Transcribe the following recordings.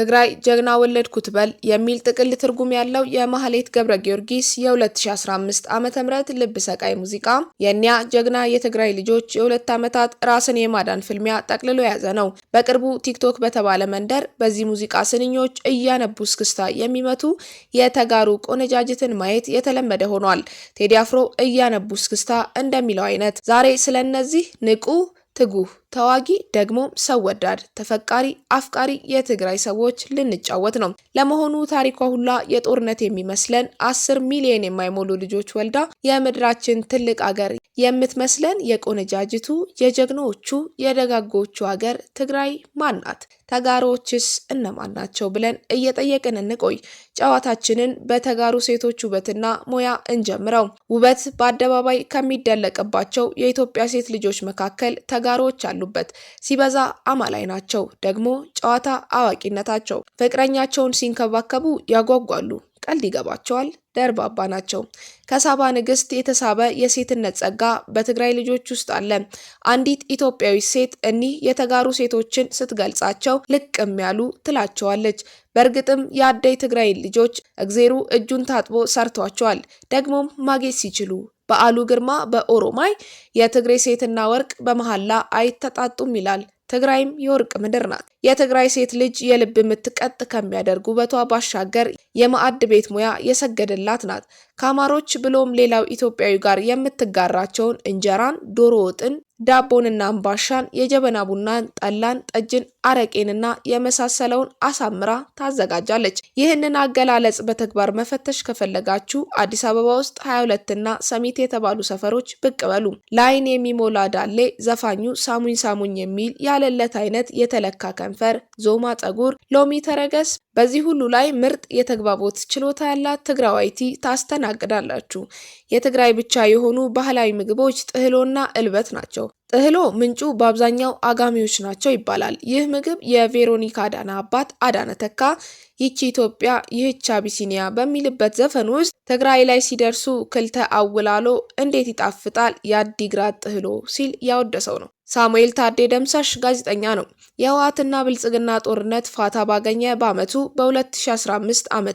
ትግራይ ጀግና ወለድኩት በል የሚል ጥቅል ትርጉም ያለው የማህሌት ገብረ ጊዮርጊስ የ2015 ዓ ም ልብ ሰቃይ ሙዚቃ የእኒያ ጀግና የትግራይ ልጆች የሁለት ዓመታት ራስን የማዳን ፍልሚያ ጠቅልሎ የያዘ ነው። በቅርቡ ቲክቶክ በተባለ መንደር በዚህ ሙዚቃ ስንኞች እያነቡ እስክስታ የሚመቱ የተጋሩ ቆነጃጅትን ማየት የተለመደ ሆኗል። ቴዲ አፍሮ እያነቡ እስክስታ እንደሚለው አይነት ዛሬ ስለነዚህ ንቁ፣ ትጉህ ተዋጊ ደግሞ ሰው ወዳድ ተፈቃሪ አፍቃሪ የትግራይ ሰዎች ልንጫወት ነው። ለመሆኑ ታሪኳ ሁላ የጦርነት የሚመስለን አስር ሚሊዮን የማይሞሉ ልጆች ወልዳ የምድራችን ትልቅ አገር የምትመስለን የቆነጃጅቱ የጀግኖቹ የደጋጎቹ አገር ትግራይ ማናት? ተጋሮችስ እነማን ናቸው? ብለን እየጠየቅን እንቆይ። ጨዋታችንን በተጋሩ ሴቶች ውበትና ሙያ እንጀምረው። ውበት በአደባባይ ከሚደለቅባቸው የኢትዮጵያ ሴት ልጆች መካከል ተጋሮች አሉ። ያሉበት፣ ሲበዛ አማላይ ናቸው። ደግሞ ጨዋታ አዋቂነታቸው ፍቅረኛቸውን ሲንከባከቡ ያጓጓሉ። ቀልድ ይገባቸዋል። ደርባባ ናቸው። ከሳባ ንግስት የተሳበ የሴትነት ጸጋ በትግራይ ልጆች ውስጥ አለ። አንዲት ኢትዮጵያዊ ሴት እኒህ የተጋሩ ሴቶችን ስትገልጻቸው ልቅም ያሉ ትላቸዋለች። በእርግጥም የአደይ ትግራይ ልጆች እግዜሩ እጁን ታጥቦ ሰርቷቸዋል። ደግሞም ማጌጥ ሲችሉ በዓሉ ግርማ በኦሮማይ የትግሬ ሴትና ወርቅ በመሐላ አይተጣጡም ይላል። ትግራይም የወርቅ ምድር ናት። የትግራይ ሴት ልጅ የልብ የምትቀጥ ከሚያደርግ ውበቷ ባሻገር የማዕድ ቤት ሙያ የሰገደላት ናት። ከአማሮች ብሎም ሌላው ኢትዮጵያዊ ጋር የምትጋራቸውን እንጀራን፣ ዶሮ ወጥን፣ ዳቦንና አምባሻን፣ የጀበና ቡናን፣ ጠላን፣ ጠጅን፣ አረቄንና የመሳሰለውን አሳምራ ታዘጋጃለች። ይህንን አገላለጽ በተግባር መፈተሽ ከፈለጋችሁ አዲስ አበባ ውስጥ 22 እና ሰሚት የተባሉ ሰፈሮች ብቅ በሉ። ለአይን የሚሞላ ዳሌ፣ ዘፋኙ ሳሙኝ ሳሙኝ የሚል ያለለት አይነት የተለካ ከንፈር፣ ዞማ ጸጉር፣ ሎሚ ተረገስ በዚህ ሁሉ ላይ ምርጥ የተግባቦት ችሎታ ያላት ትግራዋይቲ ታስተናግዳላችሁ። የትግራይ ብቻ የሆኑ ባህላዊ ምግቦች ጥህሎና እልበት ናቸው። ጥህሎ ምንጩ በአብዛኛው አጋሚዎች ናቸው ይባላል። ይህ ምግብ የቬሮኒካ አዳነ አባት አዳነ ተካ ይቺ ኢትዮጵያ ይህች አቢሲኒያ በሚልበት ዘፈን ውስጥ ትግራይ ላይ ሲደርሱ ክልተ አውላሎ እንዴት ይጣፍጣል የአዲግራት ጥህሎ ሲል ያወደሰው ነው። ሳሙኤል ታዴ ደምሳሽ ጋዜጠኛ ነው። የህወሓትና ብልጽግና ጦርነት ፋታ ባገኘ በአመቱ በ2015 ዓ.ም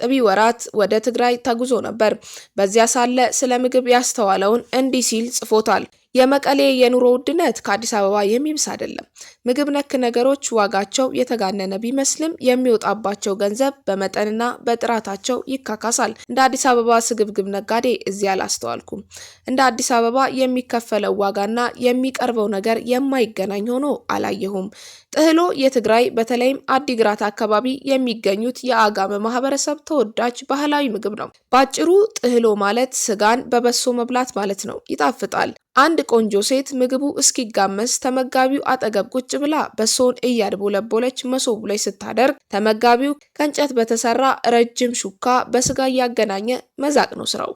ጥቢ ወራት ወደ ትግራይ ተጉዞ ነበር። በዚያ ሳለ ስለ ምግብ ያስተዋለውን እንዲህ ሲል ጽፎታል። የመቀሌ የኑሮ ውድነት ከአዲስ አበባ የሚብስ አይደለም። ምግብ ነክ ነገሮች ዋጋቸው የተጋነነ ቢመስልም የሚወጣባቸው ገንዘብ በመጠንና በጥራታቸው ይካካሳል። እንደ አዲስ አበባ ስግብግብ ነጋዴ እዚህ አላስተዋልኩም። እንደ አዲስ አበባ የሚከፈለው ዋጋና የሚቀርበው ነገር የማይገናኝ ሆኖ አላየሁም። ጥህሎ የትግራይ በተለይም አዲግራት አካባቢ የሚገኙት የአጋመ ማህበረሰብ ተወዳጅ ባህላዊ ምግብ ነው። በአጭሩ ጥህሎ ማለት ስጋን በበሶ መብላት ማለት ነው። ይጣፍጣል። አንድ ቆንጆ ሴት ምግቡ እስኪጋመስ ተመጋቢው አጠገብ ቁጭ ብላ በሶውን እያድቦለቦለች መሶቡ ላይ ስታደርግ ተመጋቢው ከእንጨት በተሰራ ረጅም ሹካ በስጋ እያገናኘ መዛቅ ነው ስራው።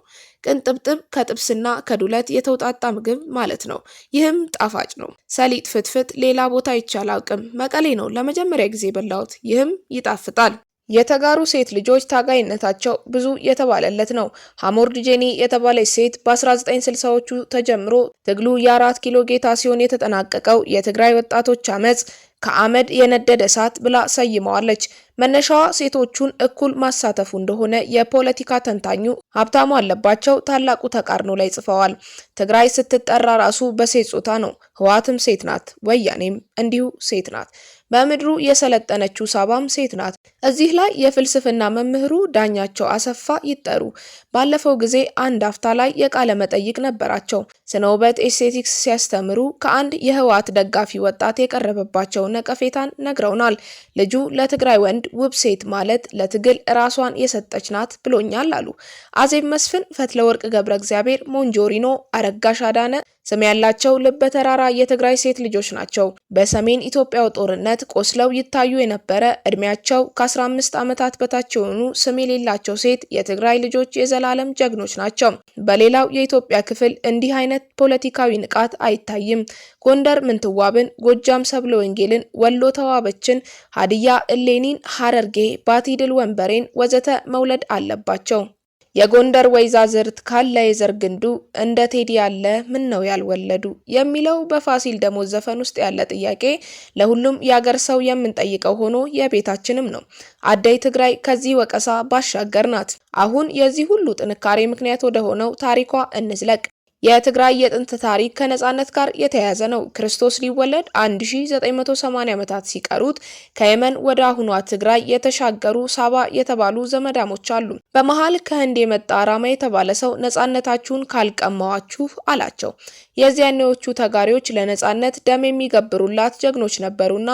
ቅንጥብጥብ ከጥብስና ከዱለት የተውጣጣ ምግብ ማለት ነው። ይህም ጣፋጭ ነው። ሰሊጥ ፍትፍት ሌላ ቦታ ይቻል አውቅም። መቀሌ ነው ለመጀመሪያ ጊዜ በላሁት። ይህም ይጣፍጣል። የተጋሩ ሴት ልጆች ታጋይነታቸው ብዙ የተባለለት ነው። ሀሞርድ ጄኒ የተባለች ሴት በ1960ዎቹ ተጀምሮ ትግሉ የአራት ኪሎ ጌታ ሲሆን የተጠናቀቀው የትግራይ ወጣቶች አመፅ ከአመድ የነደደ እሳት ብላ ሰይመዋለች። መነሻዋ ሴቶቹን እኩል ማሳተፉ እንደሆነ የፖለቲካ ተንታኙ ሀብታሙ አለባቸው ታላቁ ተቃርኖ ላይ ጽፈዋል። ትግራይ ስትጠራ ራሱ በሴት ጾታ ነው። ህወሓትም ሴት ናት፣ ወያኔም እንዲሁ ሴት ናት። በምድሩ የሰለጠነችው ሳባም ሴት ናት። እዚህ ላይ የፍልስፍና መምህሩ ዳኛቸው አሰፋ ይጠሩ ባለፈው ጊዜ አንድ አፍታ ላይ የቃለ መጠይቅ ነበራቸው። ስነ ውበት ኤስቴቲክስ ሲያስተምሩ ከአንድ የህወሓት ደጋፊ ወጣት የቀረበባቸው ነቀፌታን ነግረውናል። ልጁ ለትግራይ ወንድ ውብ ሴት ማለት ለትግል ራሷን የሰጠች ናት ብሎኛል አሉ። አዜብ መስፍን፣ ፈትለወርቅ ገብረ እግዚአብሔር፣ ሞንጆሪኖ፣ አረጋሽ አዳነ ስም ያላቸው ልበ ተራራ የትግራይ ሴት ልጆች ናቸው። በሰሜን ኢትዮጵያው ጦርነት ቆስለው ይታዩ የነበረ እድሜያቸው ከ ከ አምስት ዓመታት በታች የሆኑ ስም የሌላቸው ሴት የትግራይ ልጆች የዘላለም ጀግኖች ናቸው። በሌላው የኢትዮጵያ ክፍል እንዲህ አይነት ፖለቲካዊ ንቃት አይታይም። ጎንደር ምንትዋብን፣ ጎጃም ሰብለ ወንጌልን፣ ወሎ ተዋበችን፣ ሀዲያ እሌኒን፣ ሀረርጌ ባቲ ድል ወንበሬን ወዘተ መውለድ አለባቸው። የጎንደር ወይዛዝርት ካለ የዘር ግንዱ እንደ ቴዲ ያለ ምን ነው ያልወለዱ የሚለው በፋሲል ደሞዝ ዘፈን ውስጥ ያለ ጥያቄ ለሁሉም የአገር ሰው የምንጠይቀው ሆኖ የቤታችንም ነው። አደይ ትግራይ ከዚህ ወቀሳ ባሻገር ናት። አሁን የዚህ ሁሉ ጥንካሬ ምክንያት ወደሆነው ታሪኳ እንዝለቅ። የትግራይ የጥንት ታሪክ ከነጻነት ጋር የተያያዘ ነው። ክርስቶስ ሊወለድ 1980 ዓመታት ሲቀሩት ከየመን ወደ አሁኗ ትግራይ የተሻገሩ ሳባ የተባሉ ዘመዳሞች አሉ። በመሃል ከህንድ የመጣ አራማ የተባለ ሰው ነጻነታችሁን ካልቀማዋችሁ አላቸው። የዚያኔዎቹ ተጋሪዎች ለነጻነት ደም የሚገብሩላት ጀግኖች ነበሩና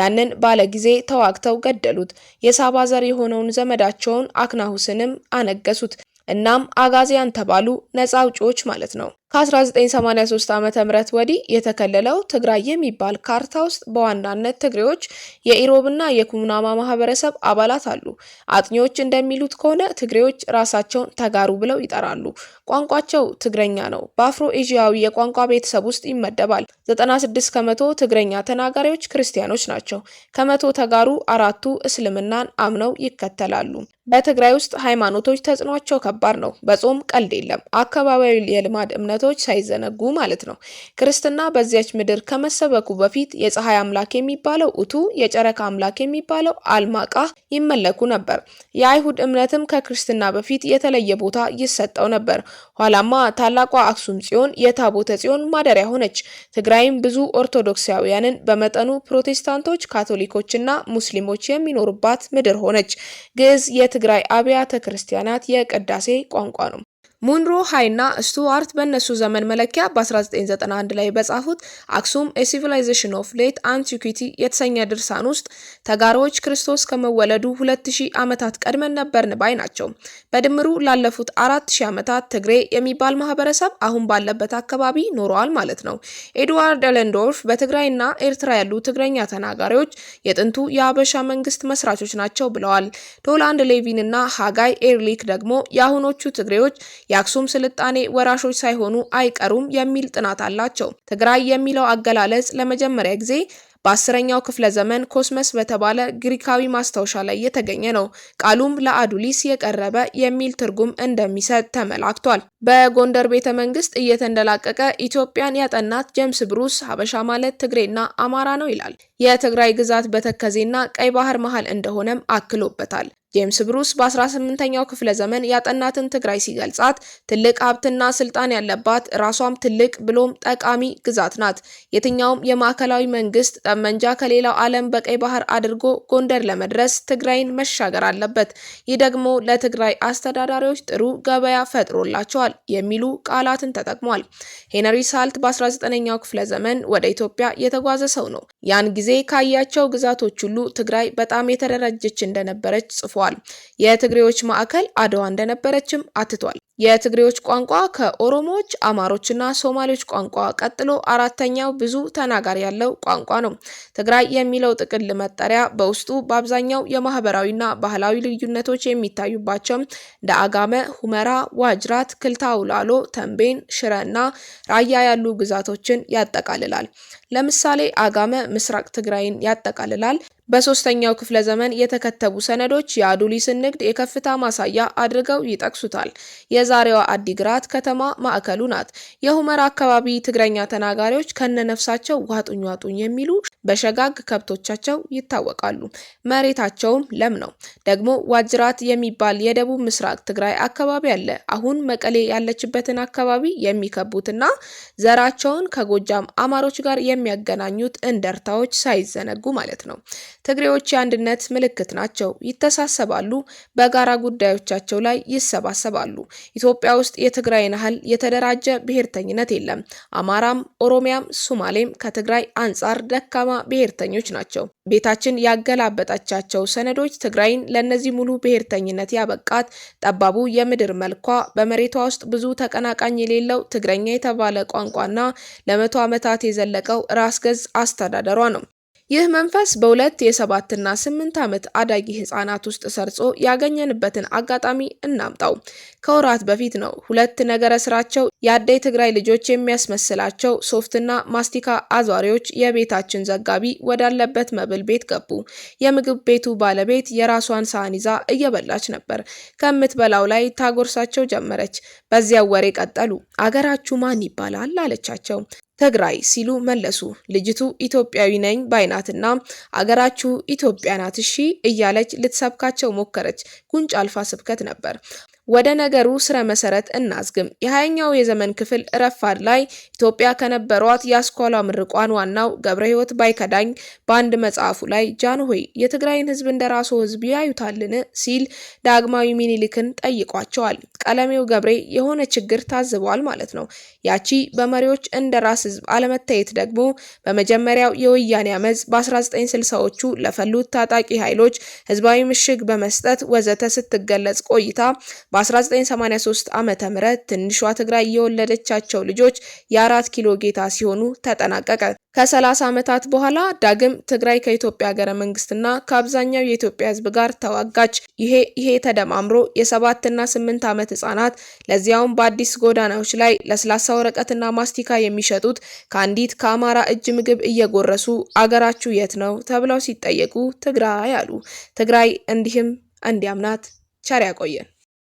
ያንን ባለጊዜ ተዋግተው ገደሉት። የሳባ ዘር የሆነውን ዘመዳቸውን አክናሁስንም አነገሱት። እናም አጋዚያን ተባሉ ነፃ አውጪዎች ማለት ነው። ከ1983 ዓ ም ወዲህ የተከለለው ትግራይ የሚባል ካርታ ውስጥ በዋናነት ትግሬዎች የኢሮብና የኩናማ ማህበረሰብ አባላት አሉ። አጥኚዎች እንደሚሉት ከሆነ ትግሬዎች ራሳቸውን ተጋሩ ብለው ይጠራሉ። ቋንቋቸው ትግረኛ ነው። በአፍሮ ኤዥያዊ የቋንቋ ቤተሰብ ውስጥ ይመደባል። 96 ከመቶ ትግረኛ ተናጋሪዎች ክርስቲያኖች ናቸው። ከመቶ ተጋሩ አራቱ እስልምናን አምነው ይከተላሉ። በትግራይ ውስጥ ሃይማኖቶች ተጽዕኗቸው ከባድ ነው። በጾም ቀልድ የለም። አካባቢያዊ የልማድ እምነቶች እውነቶች ሳይዘነጉ ማለት ነው። ክርስትና በዚያች ምድር ከመሰበኩ በፊት የፀሐይ አምላክ የሚባለው ኡቱ፣ የጨረቃ አምላክ የሚባለው አልማቃ ይመለኩ ነበር። የአይሁድ እምነትም ከክርስትና በፊት የተለየ ቦታ ይሰጠው ነበር። ኋላማ ታላቋ አክሱም ጽዮን የታቦተ ጽዮን ማደሪያ ሆነች። ትግራይም ብዙ ኦርቶዶክሳውያንን በመጠኑ ፕሮቴስታንቶች፣ ካቶሊኮችና ሙስሊሞች የሚኖሩባት ምድር ሆነች። ግዕዝ የትግራይ አብያተ ክርስቲያናት የቅዳሴ ቋንቋ ነው። ሙንሮ ሃይና ስቱዋርት በእነሱ ዘመን መለኪያ በ1991 ላይ በጻፉት አክሱም ኤሲቪላይዜሽን ኦፍ ሌት አንቲኩቲ የተሰኘ ድርሳን ውስጥ ተጋሪዎች ክርስቶስ ከመወለዱ 2000 ዓመታት ቀድመን ነበርን ባይ ናቸው። በድምሩ ላለፉት 4000 ዓመታት ትግሬ የሚባል ማህበረሰብ አሁን ባለበት አካባቢ ኖረዋል ማለት ነው። ኤድዋርድ ኤለንዶርፍ በትግራይና ኤርትራ ያሉ ትግረኛ ተናጋሪዎች የጥንቱ የአበሻ መንግስት መስራቾች ናቸው ብለዋል። ቶላንድ ሌቪን እና ሃጋይ ኤርሊክ ደግሞ የአሁኖቹ ትግሬዎች የአክሱም ስልጣኔ ወራሾች ሳይሆኑ አይቀሩም የሚል ጥናት አላቸው። ትግራይ የሚለው አገላለጽ ለመጀመሪያ ጊዜ በአስረኛው ክፍለ ዘመን ኮስመስ በተባለ ግሪካዊ ማስታወሻ ላይ የተገኘ ነው። ቃሉም ለአዱሊስ የቀረበ የሚል ትርጉም እንደሚሰጥ ተመላክቷል። በጎንደር ቤተ መንግስት እየተንደላቀቀ ኢትዮጵያን ያጠናት ጀምስ ብሩስ ሀበሻ ማለት ትግሬና አማራ ነው ይላል። የትግራይ ግዛት በተከዜና ቀይ ባህር መሃል እንደሆነም አክሎበታል። ጄምስ ብሩስ በ18ኛው ክፍለ ዘመን ያጠናትን ትግራይ ሲገልጻት ትልቅ ሀብትና ስልጣን ያለባት ራሷም ትልቅ ብሎም ጠቃሚ ግዛት ናት። የትኛውም የማዕከላዊ መንግስት ጠመንጃ ከሌላው ዓለም በቀይ ባህር አድርጎ ጎንደር ለመድረስ ትግራይን መሻገር አለበት። ይህ ደግሞ ለትግራይ አስተዳዳሪዎች ጥሩ ገበያ ፈጥሮላቸዋል የሚሉ ቃላትን ተጠቅሟል። ሄነሪ ሳልት በ19ኛው ክፍለ ዘመን ወደ ኢትዮጵያ የተጓዘ ሰው ነው። ያን ጊዜ ካያቸው ግዛቶች ሁሉ ትግራይ በጣም የተደራጀች እንደነበረች ጽፏል። አስፍረዋል። የትግሬዎች ማዕከል አድዋ እንደነበረችም አትቷል። የትግሬዎች ቋንቋ ከኦሮሞዎች፣ አማሮችና ሶማሌዎች ቋንቋ ቀጥሎ አራተኛው ብዙ ተናጋሪ ያለው ቋንቋ ነው። ትግራይ የሚለው ጥቅል መጠሪያ በውስጡ በአብዛኛው የማህበራዊና ባህላዊ ልዩነቶች የሚታዩባቸው እንደ አጋመ፣ ሁመራ፣ ዋጅራት፣ ክልታውላሎ፣ ተንቤን፣ ሽረ እና ራያ ያሉ ግዛቶችን ያጠቃልላል። ለምሳሌ አጋመ ምስራቅ ትግራይን ያጠቃልላል። በሶስተኛው ክፍለ ዘመን የተከተቡ ሰነዶች የአዱሊስን ንግድ የከፍታ ማሳያ አድርገው ይጠቅሱታል። የዛሬዋ አዲግራት ከተማ ማዕከሉ ናት። የሁመራ አካባቢ ትግረኛ ተናጋሪዎች ከነነፍሳቸው ዋጡኝ ዋጡኝ የሚሉ በሸጋግ ከብቶቻቸው ይታወቃሉ። መሬታቸውም ለም ነው። ደግሞ ዋጅራት የሚባል የደቡብ ምስራቅ ትግራይ አካባቢ አለ። አሁን መቀሌ ያለችበትን አካባቢ የሚከቡትና ዘራቸውን ከጎጃም አማሮች ጋር የሚያገናኙት እንደርታዎች ሳይዘነጉ ማለት ነው። ትግሬዎች የአንድነት ምልክት ናቸው። ይተሳሰባሉ፣ በጋራ ጉዳዮቻቸው ላይ ይሰባሰባሉ። ኢትዮጵያ ውስጥ የትግራይን ያህል የተደራጀ ብሔርተኝነት የለም። አማራም፣ ኦሮሚያም፣ ሱማሌም ከትግራይ አንጻር ደካማ ብሔርተኞች ናቸው። ቤታችን ያገላበጠቻቸው ሰነዶች ትግራይን ለእነዚህ ሙሉ ብሔርተኝነት ያበቃት ጠባቡ የምድር መልኳ በመሬቷ ውስጥ ብዙ ተቀናቃኝ የሌለው ትግረኛ የተባለ ቋንቋና ለመቶ ዓመታት የዘለቀው ራስ ገዝ አስተዳደሯ ነው። ይህ መንፈስ በሁለት የሰባትና ስምንት ዓመት አዳጊ ህጻናት ውስጥ ሰርጾ ያገኘንበትን አጋጣሚ እናምጣው። ከወራት በፊት ነው ሁለት ነገረ ስራቸው የአደይ ትግራይ ልጆች የሚያስመስላቸው ሶፍትና ማስቲካ አዟሪዎች የቤታችን ዘጋቢ ወዳለበት መብል ቤት ገቡ። የምግብ ቤቱ ባለቤት የራሷን ሳህን ይዛ እየበላች ነበር። ከምትበላው ላይ ታጎርሳቸው ጀመረች። በዚያው ወሬ ቀጠሉ። አገራችሁ ማን ይባላል? አለቻቸው። ትግራይ ሲሉ መለሱ። ልጅቱ ኢትዮጵያዊ ነኝ ባይናትና አገራችሁ ኢትዮጵያ ናት እሺ እያለች ልትሰብካቸው ሞከረች። ጉንጭ አልፋ ስብከት ነበር። ወደ ነገሩ ስረ መሰረት እናዝግም። የሃያኛው የዘመን ክፍል ረፋድ ላይ ኢትዮጵያ ከነበሯት የአስኳላ ምርቋን ዋናው ገብረ ሕይወት ባይከዳኝ በአንድ መጽሐፉ ላይ ጃንሆይ የትግራይን ህዝብ እንደ ራሱ ህዝብ ያዩታልን ሲል ዳግማዊ ሚኒሊክን ጠይቋቸዋል። ቀለሜው ገብሬ የሆነ ችግር ታዝቧል ማለት ነው። ያቺ በመሪዎች እንደ ራስ ህዝብ አለመታየት ደግሞ በመጀመሪያው የወያኔ አመፅ በ1960ዎቹ ለፈሉት ታጣቂ ኃይሎች ህዝባዊ ምሽግ በመስጠት ወዘተ ስትገለጽ ቆይታ በ1983 ዓ ም ትንሿ ትግራይ የወለደቻቸው ልጆች የአራት ኪሎ ጌታ ሲሆኑ ተጠናቀቀ። ከ30 ዓመታት በኋላ ዳግም ትግራይ ከኢትዮጵያ ሀገረ መንግስትና ከአብዛኛው የኢትዮጵያ ህዝብ ጋር ተዋጋች። ይሄ ይሄ ተደማምሮ የሰባትና ስምንት ዓመት ህጻናት ለዚያውም በአዲስ ጎዳናዎች ላይ ለስላሳ ወረቀትና ማስቲካ የሚሸጡት ከአንዲት ከአማራ እጅ ምግብ እየጎረሱ አገራችሁ የት ነው ተብለው ሲጠየቁ ትግራይ አሉ። ትግራይ እንዲህም እንዲያምናት ቸር ያቆየን።